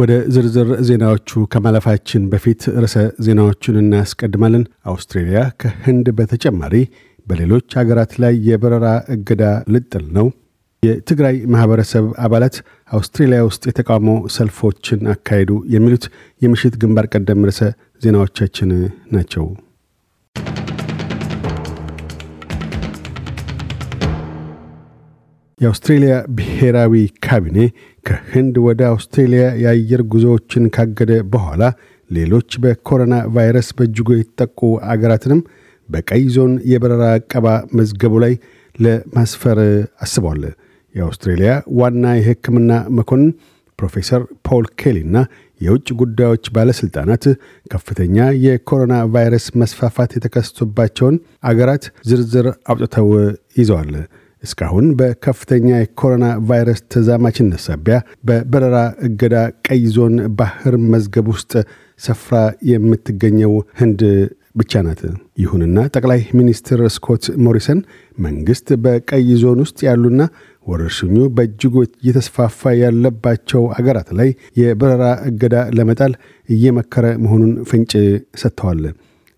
ወደ ዝርዝር ዜናዎቹ ከማለፋችን በፊት ርዕሰ ዜናዎቹን እናስቀድማለን። አውስትሬልያ ከህንድ በተጨማሪ በሌሎች ሀገራት ላይ የበረራ እገዳ ልጥል ነው። የትግራይ ማህበረሰብ አባላት አውስትሬልያ ውስጥ የተቃውሞ ሰልፎችን አካሄዱ። የሚሉት የምሽት ግንባር ቀደም ርዕሰ ዜናዎቻችን ናቸው። የአውስትሬልያ ብሔራዊ ካቢኔ ከህንድ ወደ አውስትሬልያ የአየር ጉዞዎችን ካገደ በኋላ ሌሎች በኮሮና ቫይረስ በእጅጉ የተጠቁ አገራትንም በቀይ ዞን የበረራ ቀባ መዝገቡ ላይ ለማስፈር አስቧል። የአውስትሬልያ ዋና የህክምና መኮንን ፕሮፌሰር ፖል ኬሊ እና የውጭ ጉዳዮች ባለሥልጣናት ከፍተኛ የኮሮና ቫይረስ መስፋፋት የተከሰቱባቸውን አገራት ዝርዝር አውጥተው ይዘዋል። እስካሁን በከፍተኛ የኮሮና ቫይረስ ተዛማችነት ሳቢያ በበረራ እገዳ ቀይ ዞን ባህር መዝገብ ውስጥ ሰፍራ የምትገኘው ህንድ ብቻ ናት። ይሁንና ጠቅላይ ሚኒስትር ስኮት ሞሪሰን መንግሥት በቀይ ዞን ውስጥ ያሉና ወረርሽኙ በእጅጉ እየተስፋፋ ያለባቸው አገራት ላይ የበረራ እገዳ ለመጣል እየመከረ መሆኑን ፍንጭ ሰጥተዋል።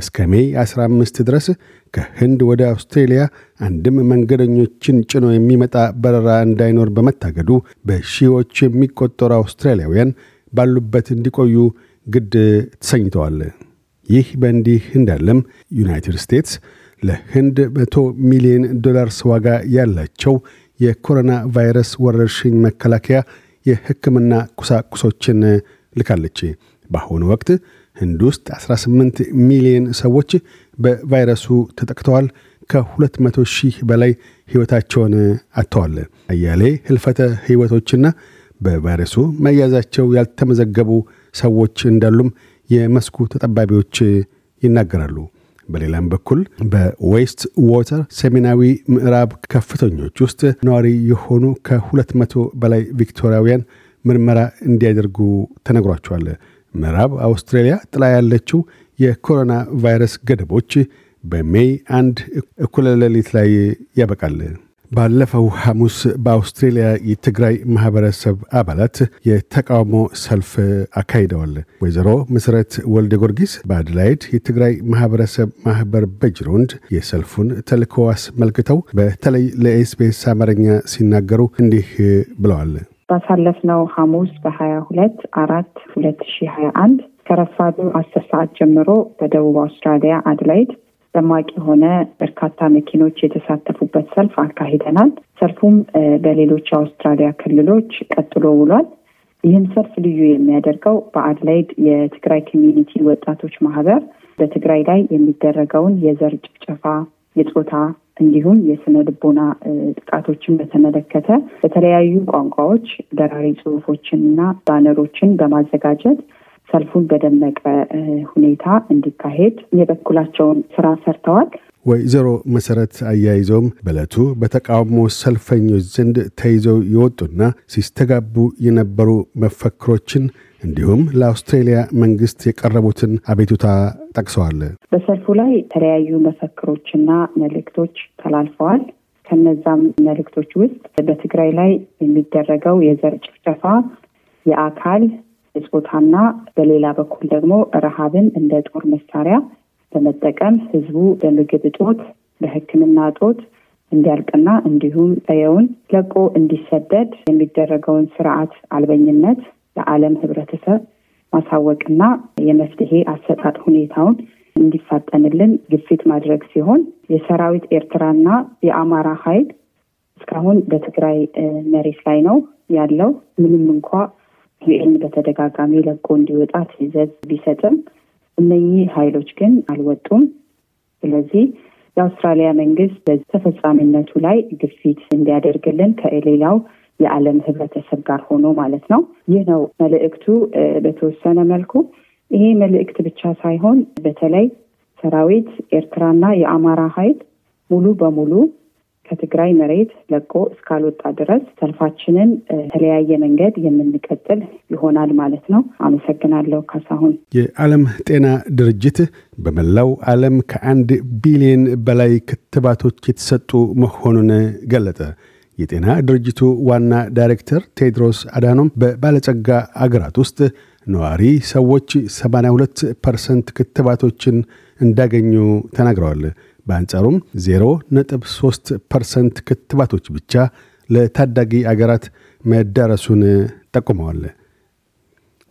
እስከ ሜይ 15 ድረስ ከህንድ ወደ አውስትሬልያ አንድም መንገደኞችን ጭኖ የሚመጣ በረራ እንዳይኖር በመታገዱ በሺዎች የሚቆጠሩ አውስትራሊያውያን ባሉበት እንዲቆዩ ግድ ተሰኝተዋል። ይህ በእንዲህ እንዳለም ዩናይትድ ስቴትስ ለህንድ መቶ ሚሊዮን ዶላርስ ዋጋ ያላቸው የኮሮና ቫይረስ ወረርሽኝ መከላከያ የህክምና ቁሳቁሶችን ልካለች። በአሁኑ ወቅት ህንድ ውስጥ 18 ሚሊዮን ሰዎች በቫይረሱ ተጠቅተዋል። ከ200 ሺህ በላይ ሕይወታቸውን አጥተዋል። አያሌ ህልፈተ ሕይወቶችና በቫይረሱ መያዛቸው ያልተመዘገቡ ሰዎች እንዳሉም የመስኩ ተጠባቢዎች ይናገራሉ። በሌላም በኩል በዌስት ዎተር ሰሜናዊ ምዕራብ ከፍተኞች ውስጥ ነዋሪ የሆኑ ከ መቶ በላይ ቪክቶሪያውያን ምርመራ እንዲያደርጉ ተነግሯቸዋል። ምዕራብ አውስትራሊያ ጥላ ያለችው የኮሮና ቫይረስ ገደቦች በሜይ አንድ እኩለሌሊት ላይ ያበቃል። ባለፈው ሐሙስ በአውስትሬልያ የትግራይ ማኅበረሰብ አባላት የተቃውሞ ሰልፍ አካሂደዋል። ወይዘሮ መሠረት ወልደ ጎርጊስ በአድላይድ የትግራይ ማኅበረሰብ ማኅበር በጅሮንድ የሰልፉን ተልኮ አስመልክተው በተለይ ለኤስቤስ አማርኛ ሲናገሩ እንዲህ ብለዋል። ባሳለፍነው ሐሙስ በሀያ ሁለት አራት ሁለት ሺ ሀያ አንድ ከረፋዱ አስር ሰዓት ጀምሮ በደቡብ አውስትራሊያ አድላይድ ደማቅ የሆነ በርካታ መኪኖች የተሳተፉበት ሰልፍ አካሂደናል። ሰልፉም በሌሎች የአውስትራሊያ ክልሎች ቀጥሎ ውሏል። ይህም ሰልፍ ልዩ የሚያደርገው በአድላይድ የትግራይ ኮሚኒቲ ወጣቶች ማህበር በትግራይ ላይ የሚደረገውን የዘር ጭፍጨፋ፣ የጾታ እንዲሁም የስነ ልቦና ጥቃቶችን በተመለከተ በተለያዩ ቋንቋዎች ደራሪ ጽሁፎችን እና ባነሮችን በማዘጋጀት ሰልፉን በደመቀ ሁኔታ እንዲካሄድ የበኩላቸውን ስራ ሰርተዋል። ወይዘሮ መሰረት አያይዘውም በዕለቱ በተቃውሞ ሰልፈኞች ዘንድ ተይዘው የወጡና ሲስተጋቡ የነበሩ መፈክሮችን እንዲሁም ለአውስትሬሊያ መንግስት የቀረቡትን አቤቱታ ጠቅሰዋል። በሰልፉ ላይ የተለያዩ መፈክሮችና መልእክቶች ተላልፈዋል። ከነዛም መልእክቶች ውስጥ በትግራይ ላይ የሚደረገው የዘር ጭፍጨፋ የአካል የጾታና በሌላ በኩል ደግሞ ረሃብን እንደ ጦር መሳሪያ በመጠቀም ህዝቡ በምግብ እጦት፣ በሕክምና እጦት እንዲያልቅና እንዲሁም ቀየውን ለቆ እንዲሰደድ የሚደረገውን ስርዓት አልበኝነት ለዓለም ህብረተሰብ ማሳወቅና የመፍትሄ አሰጣጥ ሁኔታውን እንዲፋጠንልን ግፊት ማድረግ ሲሆን የሰራዊት ኤርትራና የአማራ ኃይል እስካሁን በትግራይ መሬት ላይ ነው ያለው። ምንም እንኳ ዩኤን በተደጋጋሚ ለቆ እንዲወጣ ትዕዛዝ ቢሰጥም እነኚህ ኃይሎች ግን አልወጡም። ስለዚህ የአውስትራሊያ መንግስት በተፈጻሚነቱ ላይ ግፊት እንዲያደርግልን ከሌላው የዓለም ህብረተሰብ ጋር ሆኖ ማለት ነው። ይህ ነው መልእክቱ በተወሰነ መልኩ። ይሄ መልእክት ብቻ ሳይሆን በተለይ ሰራዊት ኤርትራና የአማራ ኃይል ሙሉ በሙሉ ከትግራይ መሬት ለቆ እስካልወጣ ድረስ ሰልፋችንን የተለያየ መንገድ የምንቀጥል ይሆናል ማለት ነው። አመሰግናለሁ ካሳሁን። የዓለም ጤና ድርጅት በመላው ዓለም ከአንድ ቢሊዮን በላይ ክትባቶች የተሰጡ መሆኑን ገለጠ። የጤና ድርጅቱ ዋና ዳይሬክተር ቴድሮስ አዳኖም በባለጸጋ አገራት ውስጥ ነዋሪ ሰዎች 82 ፐርሰንት ክትባቶችን እንዳገኙ ተናግረዋል። በአንጻሩም 0.3 ፐርሰንት ክትባቶች ብቻ ለታዳጊ አገራት መዳረሱን ጠቁመዋል።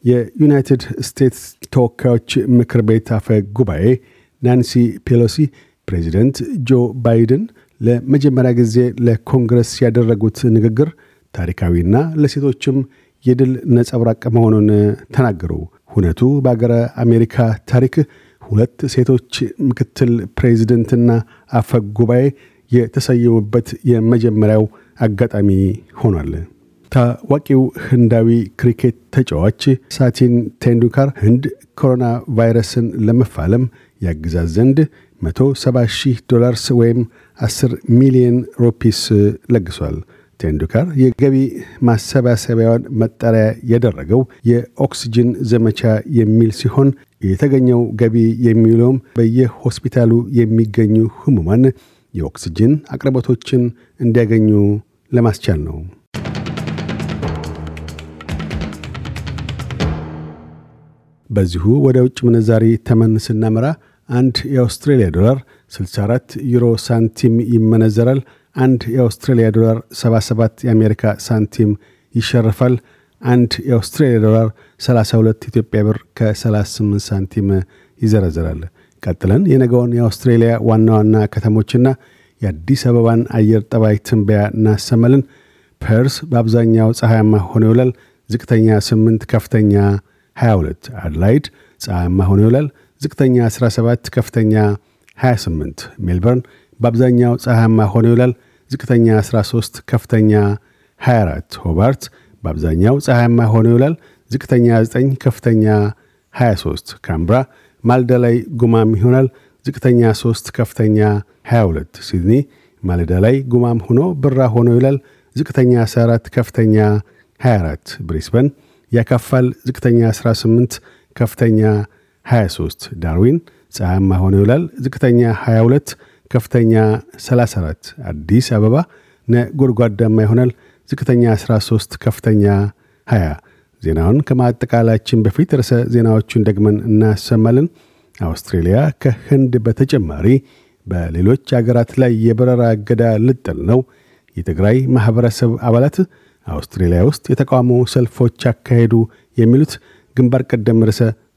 የዩናይትድ ስቴትስ ተወካዮች ምክር ቤት አፈ ጉባኤ ናንሲ ፔሎሲ ፕሬዚደንት ጆ ባይደን ለመጀመሪያ ጊዜ ለኮንግረስ ያደረጉት ንግግር ታሪካዊና ለሴቶችም የድል ነጸብራቅ መሆኑን ተናገሩ። ሁነቱ በአገረ አሜሪካ ታሪክ ሁለት ሴቶች ምክትል ፕሬዚደንትና አፈ ጉባኤ የተሰየሙበት የመጀመሪያው አጋጣሚ ሆኗል። ታዋቂው ህንዳዊ ክሪኬት ተጫዋች ሳቲን ቴንዱካር ህንድ ኮሮና ቫይረስን ለመፋለም ያግዛት ዘንድ 170 ሺህ ዶላርስ ወይም 10 ሚሊዮን ሮፒስ ለግሷል። ቴንዱካር የገቢ ማሰባሰቢያውን መጠሪያ ያደረገው የኦክስጅን ዘመቻ የሚል ሲሆን የተገኘው ገቢ የሚውለውም በየሆስፒታሉ የሚገኙ ህሙማን የኦክስጅን አቅርቦቶችን እንዲያገኙ ለማስቻል ነው። በዚሁ ወደ ውጭ ምንዛሪ ተመን ስናመራ አንድ የአውስትሬልያ ዶላር 64 ዩሮ ሳንቲም ይመነዘራል። አንድ የአውስትሬልያ ዶላር 77 የአሜሪካ ሳንቲም ይሸርፋል። አንድ የአውስትሬልያ ዶላር 32 ኢትዮጵያ ብር ከ38 ሳንቲም ይዘረዝራል። ቀጥለን የነገውን የአውስትሬልያ ዋና ዋና ከተሞችና የአዲስ አበባን አየር ጠባይ ትንበያ እናሰመልን። ፐርስ በአብዛኛው ፀሐያማ ሆኖ ይውላል። ዝቅተኛ 8፣ ከፍተኛ 22። አድላይድ ፀሐያማ ሆኖ ይውላል። ዝቅተኛ 17፣ ከፍተኛ 28። ሜልበርን በአብዛኛው ፀሐያማ ሆኖ ይውላል። ዝቅተኛ 13፣ ከፍተኛ 24። ሆባርት በአብዛኛው ፀሐያማ ሆኖ ይውላል። ዝቅተኛ 9፣ ከፍተኛ 23። ካምብራ ማልዳ ላይ ጉማም ይሆናል። ዝቅተኛ 3፣ ከፍተኛ 22። ሲድኒ ማለዳ ላይ ጉማም ሆኖ ብራ ሆኖ ይውላል። ዝቅተኛ 14፣ ከፍተኛ 24። ብሪስበን ያካፋል። ዝቅተኛ 18፣ ከፍተኛ 23 ዳርዊን ፀሐያማ ሆኖ ይውላል። ዝቅተኛ 22፣ ከፍተኛ 34 አዲስ አበባ ነጎድጓዳማ ይሆናል። ዝቅተኛ 13፣ ከፍተኛ 20። ዜናውን ከማጠቃላችን በፊት ርዕሰ ዜናዎቹን ደግመን እናሰማለን። አውስትሬልያ ከህንድ በተጨማሪ በሌሎች አገራት ላይ የበረራ እገዳ ልጥል ነው። የትግራይ ማኅበረሰብ አባላት አውስትሬልያ ውስጥ የተቃውሞ ሰልፎች አካሄዱ። የሚሉት ግንባር ቀደም ርዕሰ